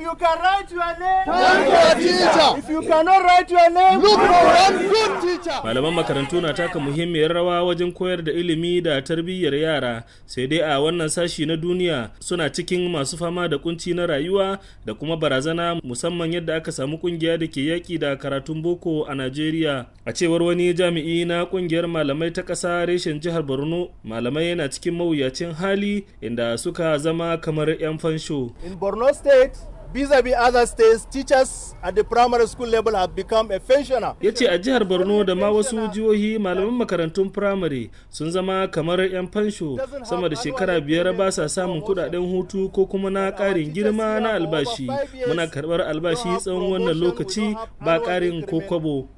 If you can write your name, thank your teacher. If you cannot write your name, look for one good teacher. Malaman makarantu na taka muhimmiyar rawa wajen koyar da ilimi da tarbiyyar yara, sai dai a wannan sashi na duniya suna cikin masu fama da kunci na rayuwa da kuma barazana musamman yadda aka samu kungiya da ke yaƙi da karatun boko a Najeriya. A cewar wani jami'i na kungiyar malamai ta ƙasa reshen jihar Borno, malamai yana cikin mawuyacin hali inda suka zama kamar 'yan fansho. In Borno State, vis-a-vis other states teachers at the primary school level have become a ya ce a jihar borno da ma wasu jihohi malaman makarantun primary sun zama kamar 'yan fansho sama da shekara biyar ba sa samun kudaden hutu ko kuma na karin girma na albashi muna karbar albashi tsawon wannan lokaci ba karin ko kwabo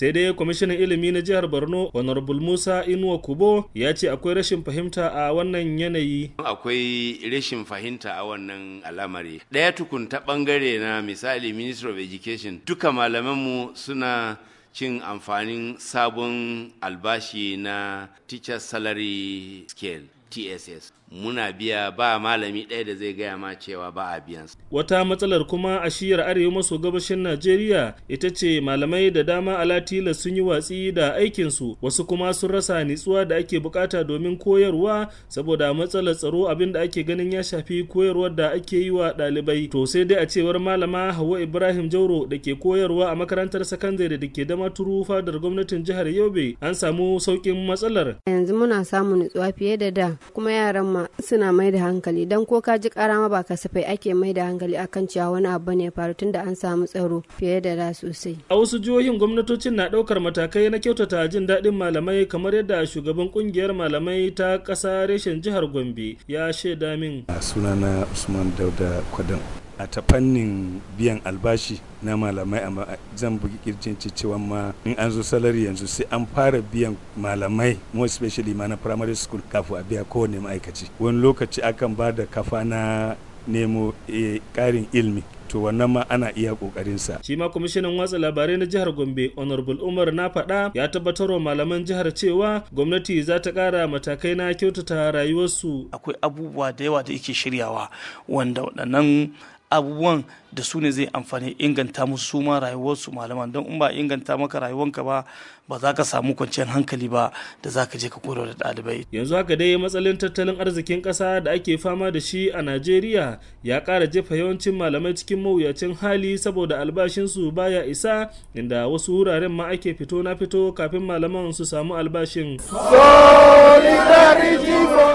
sai dai kwamishinan ilimi na jihar borno honorable musa inuwa kubo ya ce akwai rashin fahimta a wannan yanayi akwai rashin fahimta a wannan al'amari ɗaya tukun ta ɓangare na misali minister of education duka malamanmu suna cin amfanin sabon albashi na teacher salary scale tss muna biya ba malami ɗaya da zai gaya ma cewa ba a biyan wata matsalar kuma a shiyar arewa maso gabashin najeriya ita ce malamai da dama a Latila sun yi watsi da aikinsu wasu kuma sun rasa nitsuwa da ake bukata domin koyarwa saboda matsalar tsaro abin da ake ganin ya shafi koyarwar da ake yi wa ɗalibai to sai dai a cewar malama Hauwa ibrahim jauro da ke koyarwa a makarantar sakandare da ke damaturu fadar gwamnatin jihar yobe an samu sauƙin matsalar yanzu muna samun nitsuwa fiye da da kuma yaran kuma suna mai da hankali don ko ka ji karama ba kasafai ake mai da hankali akan cewa wani abu ne faru tun da an samu tsaro fiye da da sosai. A wasu jihohin gwamnatocin na daukar matakai na kyautata jin daɗin malamai kamar yadda shugaban kungiyar malamai ta ƙasa reshen jihar Gombe ya shaida min. Sunana Usman Dauda kwadan a ta fannin biyan albashi na malamai amma zan bugi kirjin cewa ma in an zo salari yanzu sai an fara biyan malamai more especially ma na primary school kafin a biya kowane ma'aikaci wani lokaci akan ba da kafa na nemo eh, ƙarin ilmi to wannan ma ana iya kokarinsa. Shi ma kwamishinan watsa labarai na jihar Gombe Honorable Umar na faɗa ya tabbatar wa malaman jihar cewa gwamnati za ta ƙara matakai na kyautata rayuwarsu. Akwai abubuwa da yawa da yake shiryawa wanda waɗannan a one da su ne zai amfani inganta musu su ma rayuwarsu malaman don in ba inganta maka rayuwanka ba ba za ka samu kwanciyar hankali ba da za ka je ka koro da ɗalibai. yanzu haka dai matsalin tattalin arzikin ƙasa da ake fama da shi a najeriya ya kara jefa yawancin malamai cikin mawuyacin hali saboda albashinsu baya isa inda wasu wuraren ma ake fito na fito kafin malaman su samu albashin.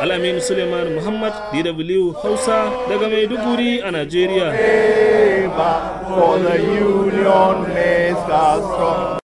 Alamin Suleiman Muhammad DW Hausa daga Maiduguri a Najeriya. for the union makes us strong.